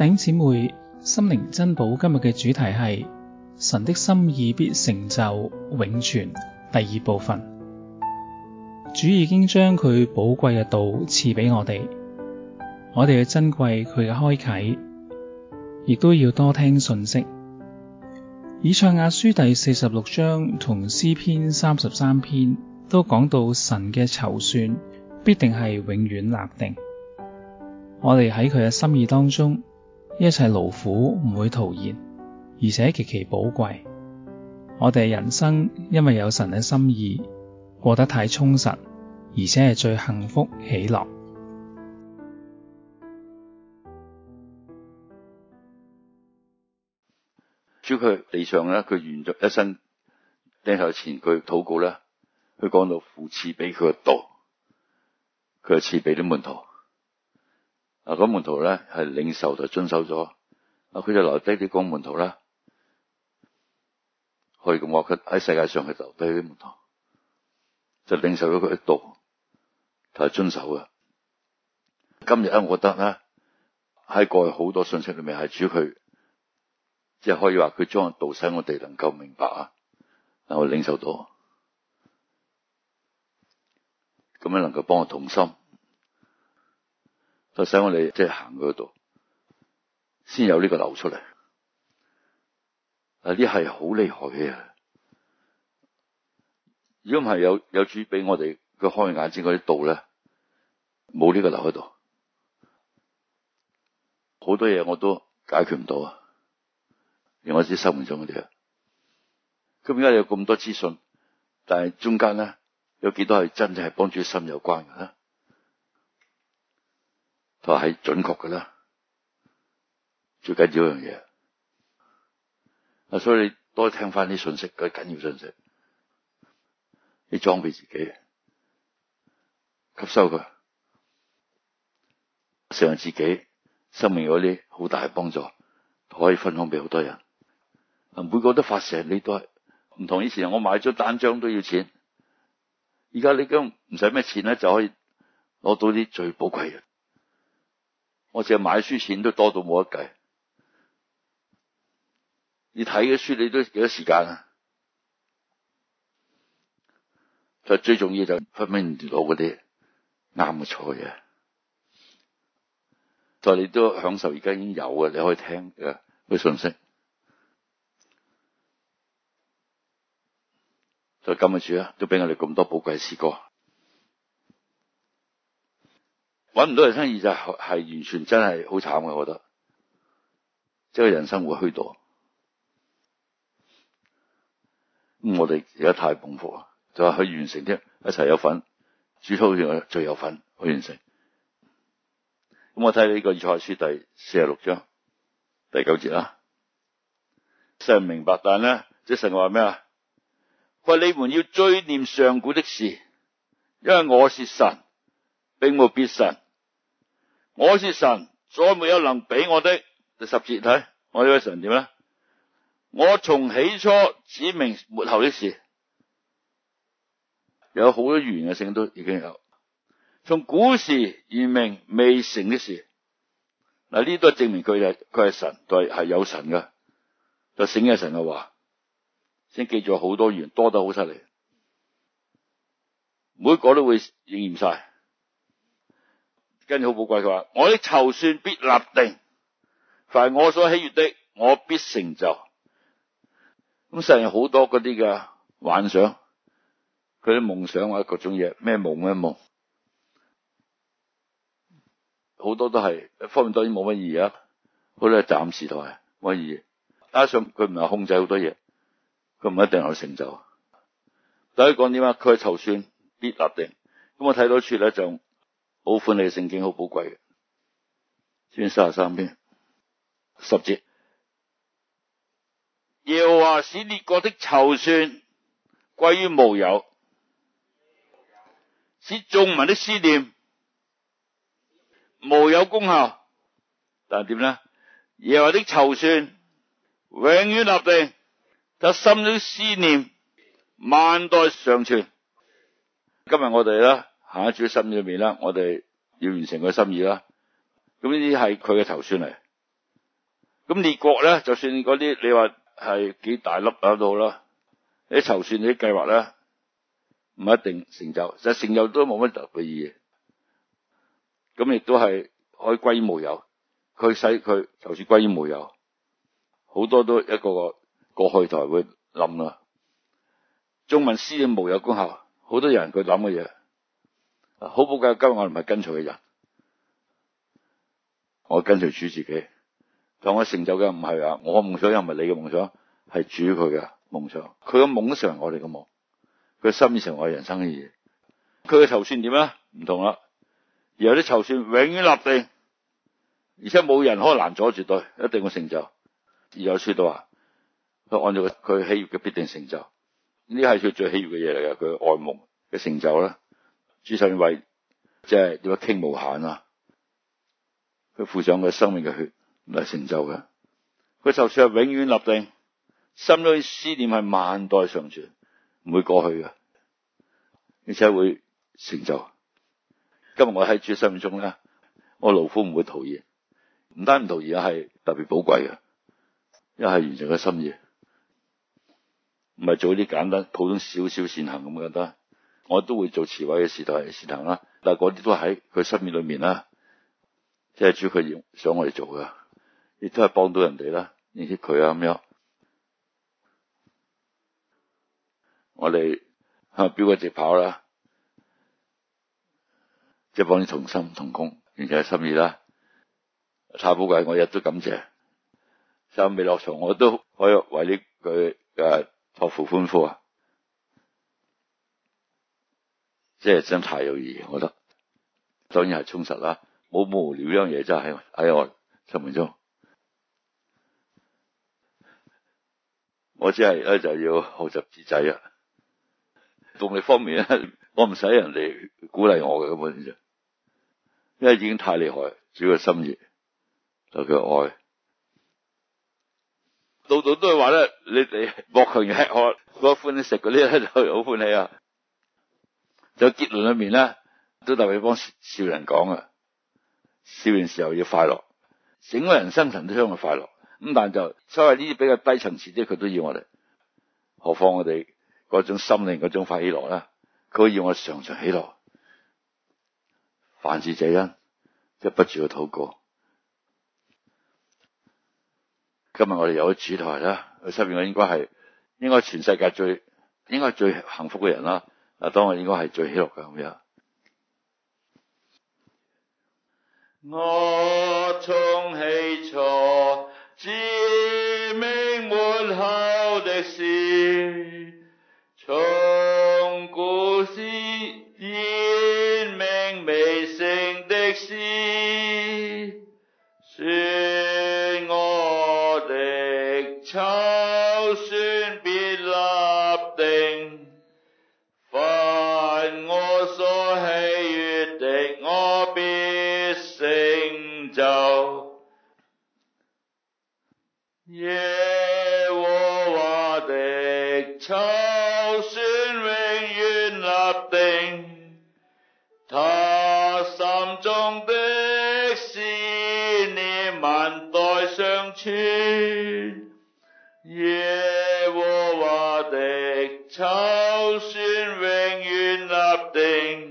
弟姊妹心靈珍寶今日嘅主題係神的心意必成就永存。第二部分，主已經將佢寶貴嘅道賜俾我哋，我哋嘅珍貴佢嘅開啟，亦都要多聽信息。以賽亞書第四十六章同詩篇三十三篇都講到神嘅籌算必定係永遠立定。我哋喺佢嘅心意當中。一切勞苦唔會徒然，而且極其寶貴。我哋人生因為有神嘅心意，過得太充實，而且係最幸福喜樂。主佢地上咧，佢完咗一生。釘頭前土，佢禱告咧，佢講到父賜俾佢嘅道，佢賜俾啲門徒。啊！嗰門徒咧係領受就遵守咗，啊，佢就留低啲個門徒啦，可以咁話佢喺世界上去留低啲門徒，就領受咗佢嘅道，係遵守嘅。今日咧，我覺得咧喺過去好多信息裏面係主佢，即係可以話佢將道使我哋能夠明白啊，能夠領受到，咁樣能夠幫我同心。就使我哋即係行嗰度，先有呢個流出嚟。啊！呢係好厲害嘅，如果唔係有有主俾我哋佢開眼睛嗰啲道咧，冇呢個流喺度，好多嘢我都解決唔到啊！連我自己生命中嗰啲，咁點解有咁多資訊，但係中間咧有幾多係真正係幫住心有關嘅咧？我係準確嘅啦，最緊要一樣嘢啊！所以你多聽翻啲信息，嗰緊要信息，你裝備自己吸收佢，成日自己生命有啲好大嘅幫助，可以分享俾好多人。啊，每個都發成，你都係唔同以前。我買咗單張都要錢，而家你咁唔使咩錢咧，就可以攞到啲最寶貴嘅。我淨係買書錢都多到冇得計，你睇嘅書你都幾多時間啊？就最重要就分辨到嗰啲啱嘅、錯嘅嘢。就係你都享受而家已經有嘅，你可以聽嘅嗰啲信息。就撳住啊，都俾我哋咁多寶貴詩歌。搵唔到人生意義就係完全真係好慘嘅，我覺得即係人生會虛度。咁我哋而家太奉福啦，就話去完成啲一齊有份，主好最有份去完成。咁我睇呢個賽書第四十六章第九節啦，神明白但咧，即係神話咩啊？話，你們要追念上古的事，因為我是神，並冇別神。我是神，再沒有能比我的。第十節睇我呢位神點咧？我從起初指明末後的事，有好多預言性都已經有。從古時言明未成的事，嗱呢都係證明佢係佢係神，對，係有神嘅。就醒、是、嘅神嘅話，先記咗好多預言，多得好犀利，每個都會應驗晒。跟住好寶貴，佢話我啲籌算必立定，凡我所喜悅的，我必成就。咁世人好多嗰啲嘅幻想，佢啲夢想或者各種嘢，咩夢咩夢，好多都係一方面當然冇乜意義啊，好多係暫時都係冇乜意義。加上佢唔係控制好多嘢，佢唔一定有成就。第一講點啊？佢係籌算必立定，咁我睇到處咧就是。好歡喜嘅聖經好寶貴嘅，先三十三篇十節，耶和華使列國的籌算歸於無有，使眾民的思念無有功效。但係點咧？耶和華的籌算永遠立定，他心中思念萬代常存。今日我哋咧。下一主心意裏面啦，我哋要完成佢心意啦。咁呢啲係佢嘅籌算嚟。咁列國咧，就算嗰啲你話係幾大粒啊都好啦，你籌算啲計劃咧，唔一定成就。其實成就都冇乜特別意義。咁亦都係可以歸於無有。佢使佢籌算歸於無有，好多都一個個過去台會冧啦。眾民思念無有功效，好多人佢諗嘅嘢。好寶貴，今日我唔係跟隨嘅人，我跟隨主自己。同我成就嘅唔係啊，我嘅夢想又唔係你嘅夢想，係主佢嘅夢想。佢嘅夢想成為我哋嘅夢，佢心意成為我哋人生嘅嘢。佢嘅籌算點咧？唔同啦，耶和華嘅籌算永遠立定，而且冇人可能攔阻，絕對一定嘅成就。而有說到啊，佢按照佢佢喜悅嘅必定成就，呢係佢最喜悅嘅嘢嚟嘅，佢愛夢嘅成就啦。主神為即係點啊傾無限啊，佢付上佢生命嘅血嚟成就嘅。佢籌算係永遠立定，心中思念係萬代常存，唔會過去嘅，而且會成就。今日我喺主嘅生命中咧，我勞苦唔會徒然，唔單唔徒然，係特別寶貴嘅，一係完成嘅心意，唔係做啲簡單普通少少善行咁嘅得。我都會做慈位嘅事同事、就是、行啦，但係嗰啲都喺佢心意裏面啦，即、就、係、是、主佢想我哋做噶，亦都係幫到人哋啦，認識佢啊咁樣，我哋向標竿直跑啦，即係幫你同心同工，完且係心意啦，太寶貴，我日都感謝，就未落場，我都可以為呢句誒託付歡呼啊！即係真太有意義，我覺得當然係充實啦。冇無聊呢樣嘢，真係喺我心目中。我只係咧就是、要學習自制啊！動力方面咧，我唔使人哋鼓勵我嘅根本就因為已經太厲害。主要心意就叫愛，到到都係話咧，你你莫強食我，我歡喜食嗰啲咧就好歡喜啊！有結論裏面咧，都特別幫少人講啊！少年時候要快樂，整個人生層都希望快樂。咁但就，所謂呢啲比較低層次啲，佢都要我哋。何況我哋嗰種心靈嗰種快起樂啦，佢要我哋常常起樂。凡事謝恩，一不住去禱告。今日我哋有個主題啦，我身邊我應該係應該全世界最應該最幸福嘅人啦。嗱，當然應該係最起落嘅咁樣。我從起初指明末後的事，從古時言明未成的事。 耶和華的籌算永遠立定，他心中的思念萬代常存。耶和華的籌算永遠立定。